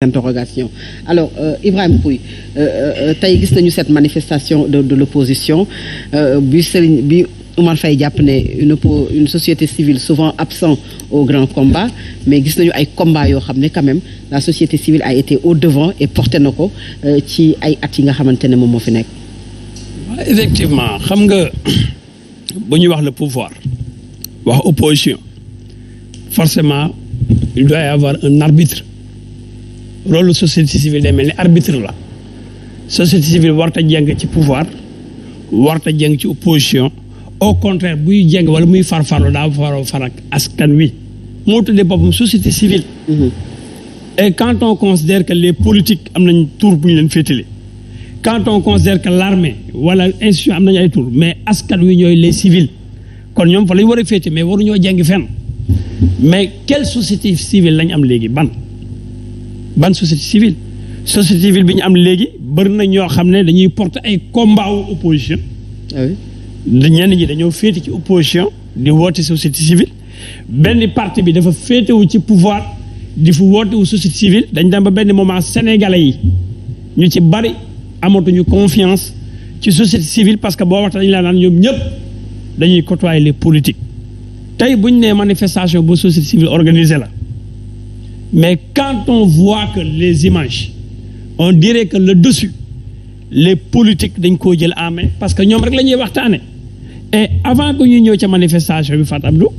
interrogation alors euh, Ibrahima Pouy euh, euh, euh, tey gis nañu cette manifestation de de l'opposition bi Serigne bi Oumar fay jàpp ne une une société civile souvent absent au grand combat mais gis nañu ay combat yoo xam ne quand même la société civile a été au devant et porté na ko ci ay at yi nga xamante ne moom moo fi nekk effectivement xam nga bu ñuy wax le pouvoir wax opposition forcément il doit avoir un arbitre loolu société civile day mel ni arbitre la société civile warta jeng ci pouvoir warta jeng ci opposition au contraire buy jeng wala muy far farfarlu daa faro farak askan wi moo tuddee boppam société civile mm-hmm. et quand on considère que les politiques am nañ tour bu leen féetale quand on considère que l'armée wala institution am nañu ay tour mais askan wi ñooy les civils kon ñoom fa la ñu war a féete mais waruñoo jeng fenn mais quelle société civile lañ am léegi ban ban société civile société civile bi ñu am léegi bëri na ñoo xam ne dañuy porter ay combat wu opposition ah ñenn ñi dañoo féete ci opposition di woote société civile benn parti bi dafa féetewu ci pouvoir di fu woote société civile dañ dem ba benn moment sénégalais yi ñu ci bari amatuñu confiance ci société civile parce que boo waxta dañ laa naan ñoom ñëpp dañuy côtoyer les politiques tey buñ nee manifestation bu société civile organiser la Mais quand on voit que les images, on dirait que le dessus, les politiques dañ koo jël en main parce que ñoom rek la ñuy waxtaane et avant que ñuy ñëw ca manifestation bi fa Abdou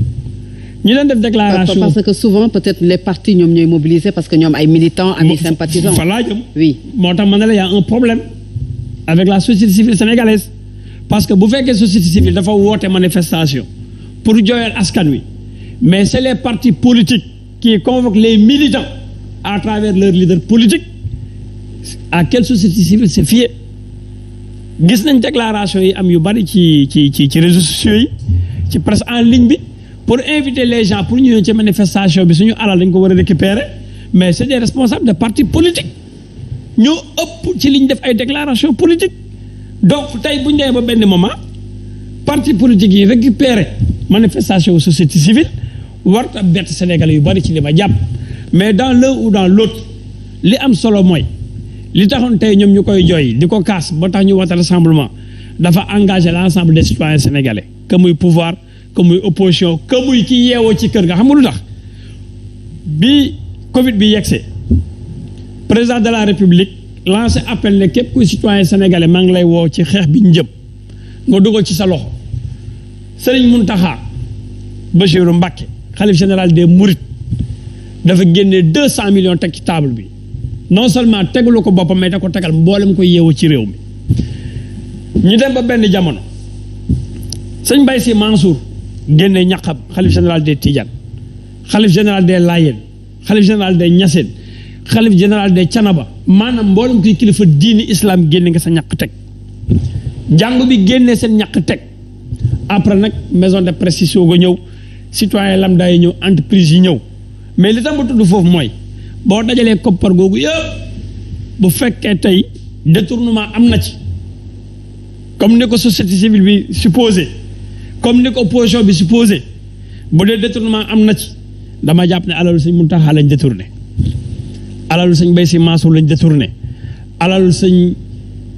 ñu doon def déclaration parce que souvent peut-être les partis ñoom ñooy mobiliser parce que ñoom ay militants ami sympathisants fa laa oui moo tax ma ne a un problème avec la société civile sénégalaise parce que bu fekkee société civile dafa woote manifestation pour jooyal askan wi mais c'est les partis politiques qui convoque les militants à travers leurs leaders politiques à quelle société civile se fier gis nañ déclaration yi am yu bari ci ci ci ci réseaux sociaux yi ci presse en ligne bi pour inviter les gens pour ñu ñëw ci manifestation bi suñu alal dañ ko war a récupérer mais c'est des responsables de partis politiques ñoo ëpp ci liñ def ay déclaration politique donc tey bu ñu demee ba benn moment parti politique yi récupérer manifestation société civile warta bett Sénégalais yu bari ci li ma jàpp mais dans l'un ou dans l'autre li am solo mooy li taxoon tey ñoom ñu koy jooy di ko kaas ba tax ñu wata rassemblement dafa engagé l'ensemble des citoyens sénégalais que muy pouvoir que muy opposition que muy ki yeewoo ci kër nga xam nga lu tax bi Covid bi yegsee président de la république lancé appel ne képp kuy citoyen sénégalais maa ngi lay woo ci xeex bi ñu jëm nga dugal ci sa loxo Serigne Mountakha Bassirou Mbacké xalif général des Mourides dafa génnee deux cent millions teg ci table bi non seulement tegulu ko boppam mais da ko tegal mboolem ko yeewoo ci réew mi ñu dem ba benn jamono sëñ Baye Sy Mansour génnee ñaqam xalif général des Tidiane xalif général des Layène xalif général des Niassène xalif général des Canaba maanaam mboolem kuy kilifa diini islaam génne nga sa ñaq teg jàng bi génne seen ñaq teg après nag maison de précision ga ñëw citoyen lambda yi ñëw entreprise yi ñëw mais li tax ma tudd foofu mooy boo dajalee koppar googu yëpp bu fekkee tey détournement am na ci comme ni ko société civile bi supposé comme ni ko opposition bi supposé bu dee détournement am na ci dama jàpp ne alalu sëñ Muntaxa lañ détourné alalu sëñ Bay Si Mansour lañ détourné alalu sëñ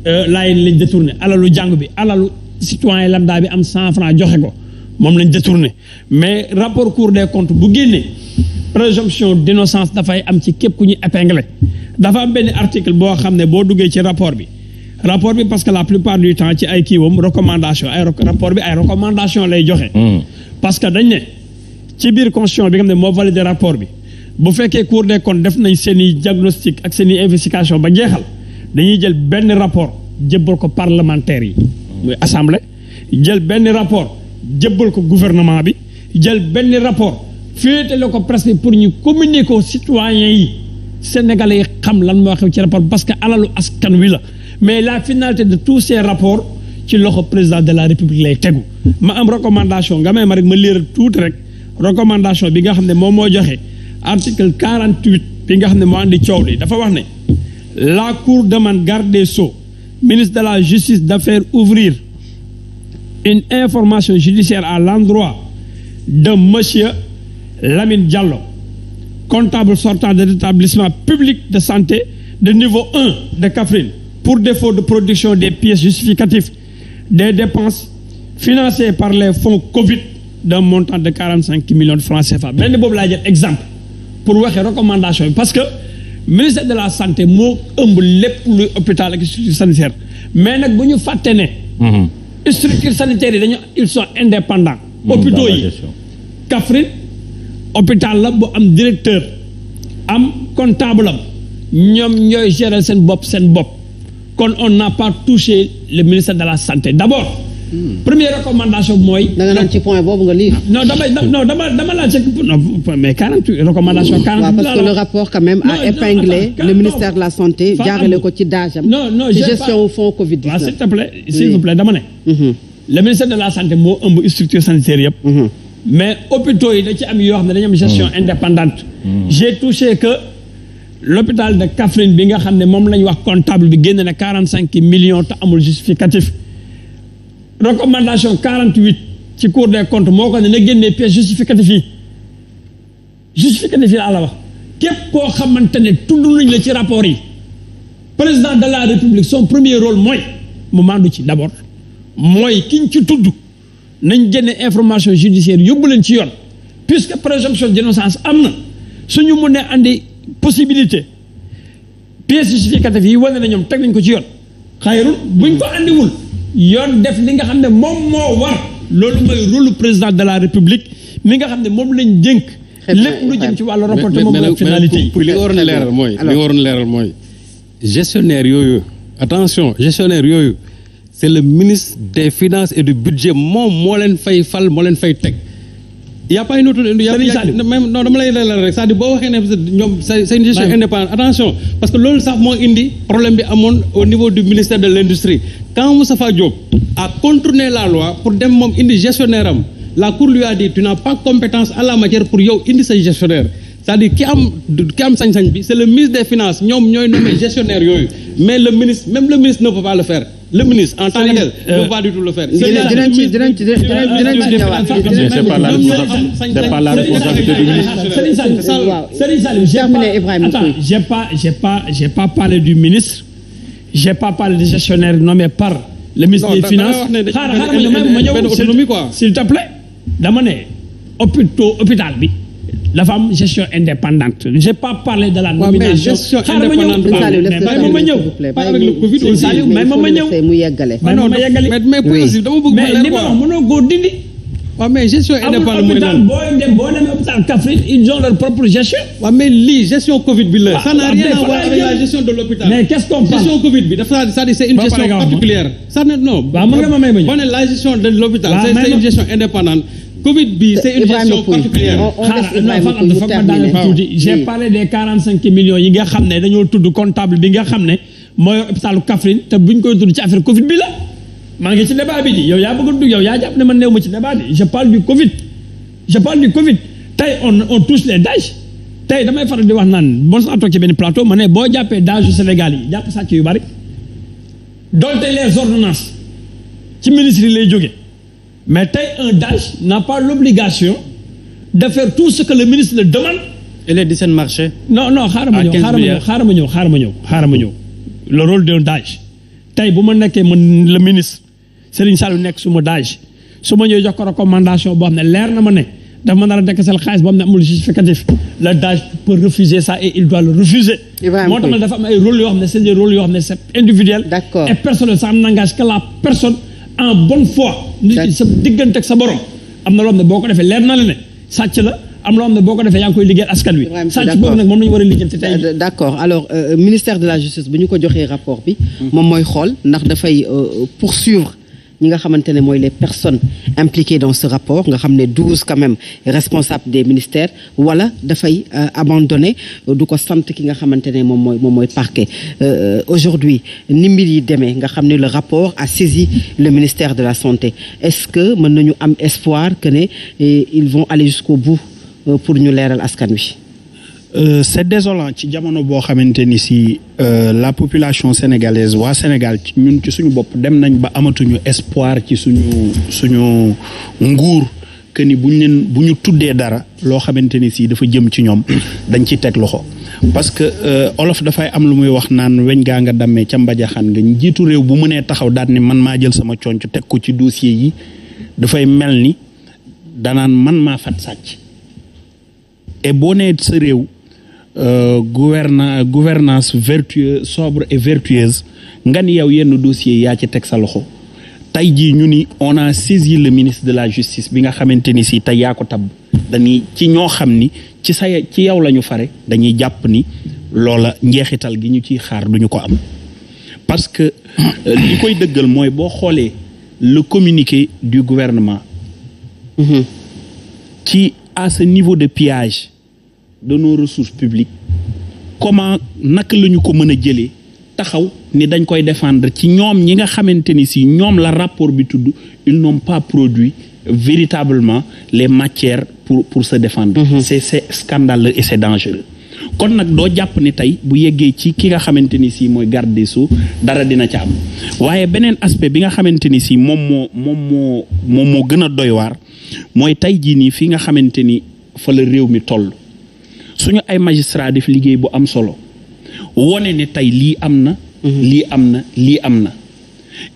euh, Laayeen lañ détourné alalu jàng bi alalu citoyen lambda bi am cent franc joxe ko moom lañ détourné mais rapport cour des comptes bu génnee présomption d'innocence dafay am ci képp ku ñu épinglé dafa am benn article boo xam ne boo duggee ci rapport bi rapport bi parce que la plupart du temps ci ay kiiwam recommandation ay rapport bi ay recommandation lay joxe. Hmm. parce que dañ ne ci biir constitution bi nga xam ne moo validé rapport bi bu fekkee cour des comptes def nañ seen i diagnostic ak seen i investigation ba jeexal dañuy jël benn rapport jëbbal ko parlementaires yi. muy jël benn rapport. jébbal ko gouvernement bi jël benn rapport féetale ko presse bi pour ñu communiquer ko citoyens yi sénégalais yi xam lan moo xew ci rapport parce que alalu askan wi la mais la finalité de tous ces rapport ci loxo président de la république lay tegu ma am recommandation nga may ma rek ma lire tuuti rek recommandation bi nga xam ne moom moo joxe article 48 bi nga xam ne moo andi coow li dafa wax ne la cour demande garde des sceaux ministre de la justice d'affaires ouvrir une information judiciaire à l'endroit de monsieur Lamine Diallo, comptable sortant de l'établissement de santé de niveau 1 de Kaffrine pour défaut de production des pièces justificatives des dépenses financées par les fonds Covid d'un montant de 45 millions de francs CFA. benn laa jël exemple pour waxee recommandation bi parce que ministère de la santé moo ëmb lépp luy hôpital ak structure mais nag bu ñu fàtte structures sanitaires yi dañu ils sont indépendants hôpitaux yi Kaffrine hôpital la bu am directeur am comptable am ñoom ñooy gérer seen bopp seen bopp kon on n'a pas touché le ministère de la santé d'abord Hmm. première recommandation bi mooy. da nga naan ci point dama non dama dama laajte mais recommandation. Hmm. parce que le rapport quand même a épinglé le ministère de la santé jaarale ko ci fonds Covid 19. waaw s'il hmm. le ministère de la santé moo ëmb structure sanitaire yëpp. mais hôpitaux yi yoo xam ne dañu am gestion indépendante. j'ai de Kaffrine bi nga xam ne moom la ñu wax comptable bi génne na 45 millions te amul justificatif. recommandation 48 ci cour des comptes moo ko ne na génnee pièce justificatif yi justificatif yi laa la wax képp koo xamante ne tudd nañ la ci rapport yi président de la république son premier role mooy mu mandu ci d'abord mooy kiñ ci tudd nañ génne information judiciaire yóbbu leen ci yoon puisque présomption d'innocence am na suñu mun ne andi possibilité pièce justificative yi wane na ñoom teg nañ ko ci yoon xayrul buñ ko andiwul yoon def li nga xam ne moom moo war loolu mooy rôle président de la république ni nga xam ne moom lañ jënk lépp lu jëm ci wàllu rapportement ak finalité yi li nga waroon a leeral mooy waroon leeral mooy gestionnaire yooyu attention gestionnaire yooyu c'est le ministre des finances et du budget moom moo leen fay fal moo leen fay teg y' a pas une autre y' a même dire boo waxee ne parce que loolu sax moo indi problème bi amoon au niveau du ministère de l' industrie quand Moustapha Diop a contourné la loi pour dem moom indi gestionnaire am la cour lui a tu n'as pas compétence à la matière pour yow indi sa gestionnaire cest dire ki am ki am sañ-sañ bi c' est le ministre des finances ñoom ñooy nommé gestionnaire yooyu mais le ministre même le ministre ne peut pas le faire le ministre en tant que tel ne peut pas du tout le faire. dinañ ci dinañ pas la responsabilité ministre. Serigne Saliou pas parlé du gestionnaire nommé par le ministre des finances xaaral xaaral ma ñëw ma s'il te plaît dama hôpital bi. dafa am gestion indépendante j'ai pas parlé de la nomination xaaral ma ñëw mais ma ñëw pas avec le Covid aussi mais ma ñëw mu yeggale mais ma yeggale mais positif dama bëgg mais li ma wax mënoo góor dindi waaw mais gestion indépendante mooy lan boo dem boo demee hôpital Kaffrine ils ont leur propre gestion. waaw mais lii gestion Covid bi la. ça n'a rien à voir avec la gestion de l'hôpital mais qu'est-ce qu'on parle gestion Covid bi dafa c'est-à-dire c'est une gestion particulière. ça ne non. waaw mën nga ma may ma ñëw la gestion de l'hôpital c'est une gestion indépendante. Covid bi c'est une gestion particulière j'ai parlé des quarante cinq millions yi nga xam ne dañoo tudd comptable bi nga xam ne mooy hôpitalu Kaffrine te buñ koy tudd ci affaire Covid bi la maa ngi ci débat bi ji yow yaa bëgg a dugg yow yaa jàpp ne man néew ma ci débat bi je parle du Covid je parle du Covid tey on on touche les dages damay faral di wax naan bon sax toog ci benn plateau ma ne boo jàppee dages yu Sénégal yi jàpp sàcc yu bari donte les ordonnances ci ministre lay jógee mais tey un DAGE n'a pas l'obligation de faire tout ce que le ministre le demande. et les 17 ma ñëw xaaral ma ñëw xaaral ma ñëw xaaral ma ñëw bu ma nekkee man le ministre Serigne Sall nekk su ma DAGE su ma ñëwee jox recommandation boo xam ne leer na ma ne dafa ma nar a dekk seen xaalis boo xam ne amul justificatif le DAGE peut refuser ça et il doit le refuser. moo tax dafa am ay rôles yoo xam ne c'est des rôles yoo xam ne c'est individuel. et personnel ça en bonne foi. sa diggante ak sa borom. am na loo xam ne boo ko defee leer na la ne sàcc la am loo xam ne boo ko defee yaa ngi koy liggéeyal askan wi. sàcc boobu nag moom la war a liggéeyal tey euh, d' accord alors euh, ministère de la justice bu ñu ko joxee rapport bi. Hmm. moom mooy xool ndax dafay euh, poursuivre. ñi nga xamante ne mooy les personnes impliquées dans ce rapport nga xam ne douze quand même responsables des ministères wala dafay euh, abandonné euh, du ko sant ki nga xamante ne moom mooy moom mooy parquet euh, aujourd'hui ni mbir yi demee nga xam ne le rapport a saisi le ministère de la santé est-ce que mën nañu am espoir que ne eh, ils vont aller jusqu'au bout pour ñu leeral askan wi Euh, c'est désolant ci jamono boo xamante ni si euh, la population sénégalaise waa Sénégal ñun ci suñu bopp dem nañ ba amatuñu espoir ci suñu suñu nguur que ni buñ leen bu ñu tuddee dara loo xamante ni si dafa jëm ci ñoom dañ ciy teg loxo parce que euh, olof dafay am lu muy wax naan weñ gaa nga dammee ca mbajaxaan nga njiitu réew bu mënee taxaw daal ni man maa jël sama conc teg ko ci dossier yi dafay mel ni danaan man maa fat sàcc et boo nee sa réew Euh, gouverna gouvernance vertueuse sobre et vertueuse nga ni yow yenn dossier yaa ci teg sa loxo tey jii ñu ni on a saisi ministre de la justice bi nga xamante ni si tey yaa ko tabb dañuy ci ñoo xam ni ci sa ci yow la ñu fare dañuy jàpp ni loola njeexital gi ñu ciy xaar duñu ko am parce que euh, li koy dëggal mooy boo xoolee le communique du gouvernement mm-hmm. ci à ce niveau de piage de nos ressources publique comment nak la ñu ko mën a jëlee taxaw ni dañ koy défendre ci ñoom ñi nga xamante ni si ñoom la rapport bi tudd ils n'ont pas produit véritablement les matières pour pour se défendre mm -hmm. c'est c'est et c'est dangereux kon nag doo jàpp ni tey bu yeggee ci ki nga xamante ni si mooy garde des Sceaux dara dina ca am waaye beneen aspect bi nga xamante ni si moom moo moom moo moom moo gën a doy mooy tey jii nii fi nga xamante ni fa la réew mi toll suñu ay magistrat def liggéey bu am solo wone ne tey lii am na mhm. lii am na lii am na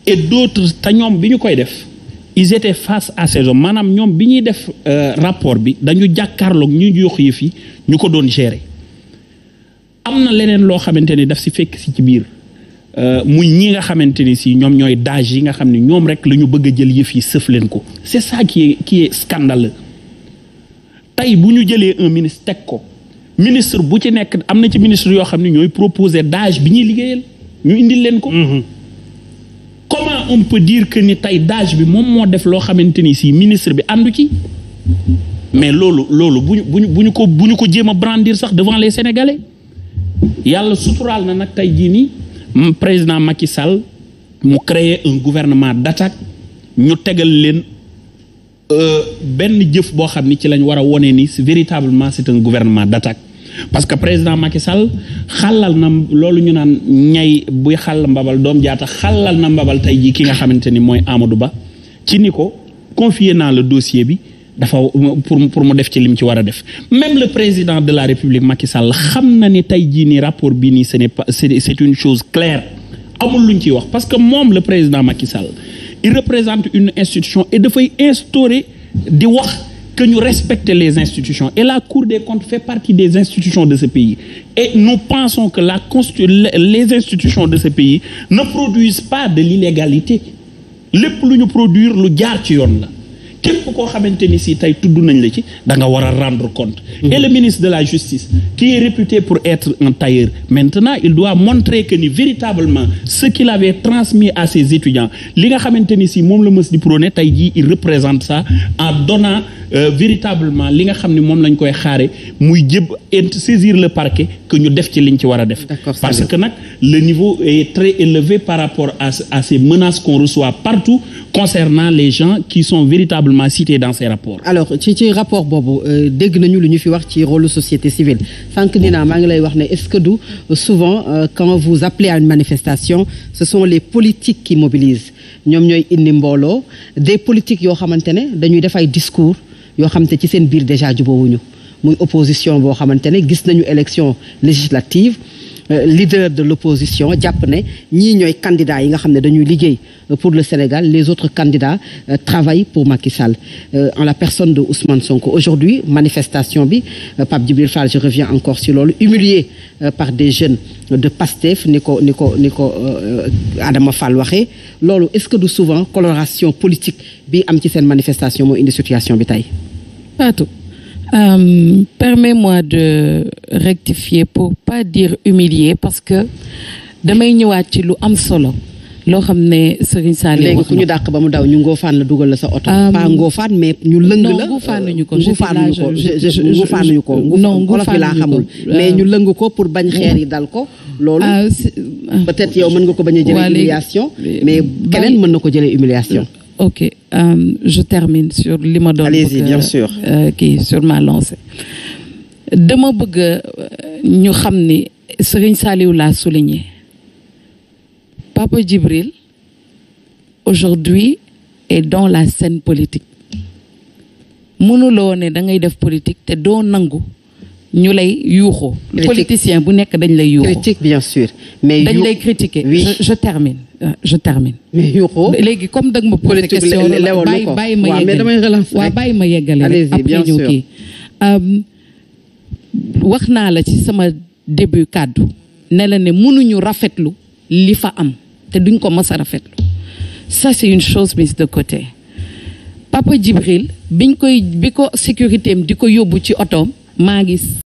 et d'autres te ñoom bi ñu koy def ils étaient face à ces maanaam ñoom bi ñuy def euh, rapport bi dañu jàkkaarlook ñu yox yëf yi ñu ko doon gérer am na leneen loo xamante ni daf si fekk si ci biir euh, muy ñi nga xamante ni si ñoom ñooy dage yi nga xam ni ñoom rek la ñu bëgg a jël yëf yi sëf leen ko c'est ça qui est qui est tey bu ñu jëlee un ministre teg ko ministre bu ci nekk am na ci ministre yoo xam ne ñooy proposer d'âge bi ñuy liggéeyal ñu indil leen ko. Mhm. comment on peut dire que ni tey d'âge bi moom moo def loo xamante ni si ministre bi àndu ci mais loolu loolu bu ñu bu ko bu ñu ko jéem a brandir sax devant les sénégalais yàlla suturaal na nag tey jii nii président Macky Sall mu créer un gouvernement d'attaque ñu tegal leen euh, benn jëf boo xam ni ci lañ war a wone ni véritablement c'est un gouvernement d'attaque parce que président Macky Sall xàllal na loolu ñu naan ñay buy xàll mbabal doom jaata xàllal na mbabal tey jii ki nga xamante ni mooy Amadou Ba ci ni ko confier naa le dossier bi dafa pour pour mu def ci lim ci war a def même le président de la République Macky Sall xam na ni tey jii ni rapport bi nii ce n'est pas c'est une chose claire amul lu ñu ciy wax parce que moom le président Macky Sall il représente une institution et dafay instaurer di wax que ñu respecter les institutions et la Cour des comptes fait partie des institutions de ce pays et nous pensons que la les institutions de ce pays ne produisent pas de l'illégalité lépp lu ñu produire lu jaar ci yoon la képp koo xamante ni sii tey tudd nañ la ci da nga war a rendre compte mhm. et le ministre de la justice qui est réputé pour être un tailleur maintenant il doit montrer que ni véritablement ce qu'il avait transmis à ses étudiants li nga xamante ni si moom la mës di ne tey jii il représente ça en donnant euh, véritablement li nga xam ni moom lañ koy xaare muy jëb saisir le parquet que ñu def ci liñ ci war a def parce que nag le niveau est très élevé par rapport à, à ces menaces qu'on reçoit partout concernant les gens qui sont véritablement cités dans ces rapports. alors ci ci rapport boobu euh, dégg nañu lu ñu fi wax ci rôle société civile sànq ni naa maa ngi lay wax ne est que du euh, souvent euh, quand vous appelez à une manifestation ce sont les politiques qui mobilisent ñoom ñooy indi mbooloo des politiques yoo xamante ne dañuy def ay discours yoo xamante ci seen biir déjà jubóowuñu muy opposition boo xamante ne gis nañu élection législative. Euh, leader de l'opposition jàpp ne ñii ñooy candidats yi nga xam ne dañuy liggéey euh, pour le Sénégal les autres candidats euh, travaillent pour Macky en la personne de Ousmane Sonko aujourd'hui manifestation bi Pape Djibril Fall je reviens encore sur loolu humilié par des jeunes de Pastef ni ko ni ko ni ko Adama Fall waxee loolu est-ce que du souvent coloration politique bi am ci seen manifestation moo indi situation bi tey Euh, permets-moi de rectifier pour pas dire humilier parce que damay ñëwaat ci lu am solo loo xam ne Serigne Saliou wax léegi ku ñu dàq ba mu daw ñu ngóofaan la dugal la sa oto. Euh, pas ngóofaan mais ñu lëng la non ngóofaanuñu ko. ngóofaanuñu ko ngóofaanuñu ko. non ngóofaanuñu ko laa xamul mais euh, ñu lëng ko pour bañ xeer yi dal ko. loolu euh, peut-être yow mën nga ko bañ a jëlee humiliation mais keneen mën na ko jëlee humiliation ok euh, je termine sur li ma doon. allez bien sûr euh, kii sur ma lancée. dama bëgg euh, ñu xam ni Serigne Saliou l'a souligné Papa Djibril aujourd'hui est dans la scène politique mënuloo ne da ngay def politique te doo nangu. ñu lay yuuxu politicien bu nekk dañ lay yuuxu critique bien mais dañ lay critiquer je termine euh, je termine léegi comme dag ma posé question bàyyi bàyyi ma yeggale waa bàyyi ma yeggale rek après ñëw kii euh, wax naa la ci sama début kàddu ne la ne mënuñu rafetlu li fa am te duñ ko mës a rafetlu ça c'est une chose mise de côté Papa Djibril biñ koy bi ko sécurité di ko yóbbu ci otoom maa ngi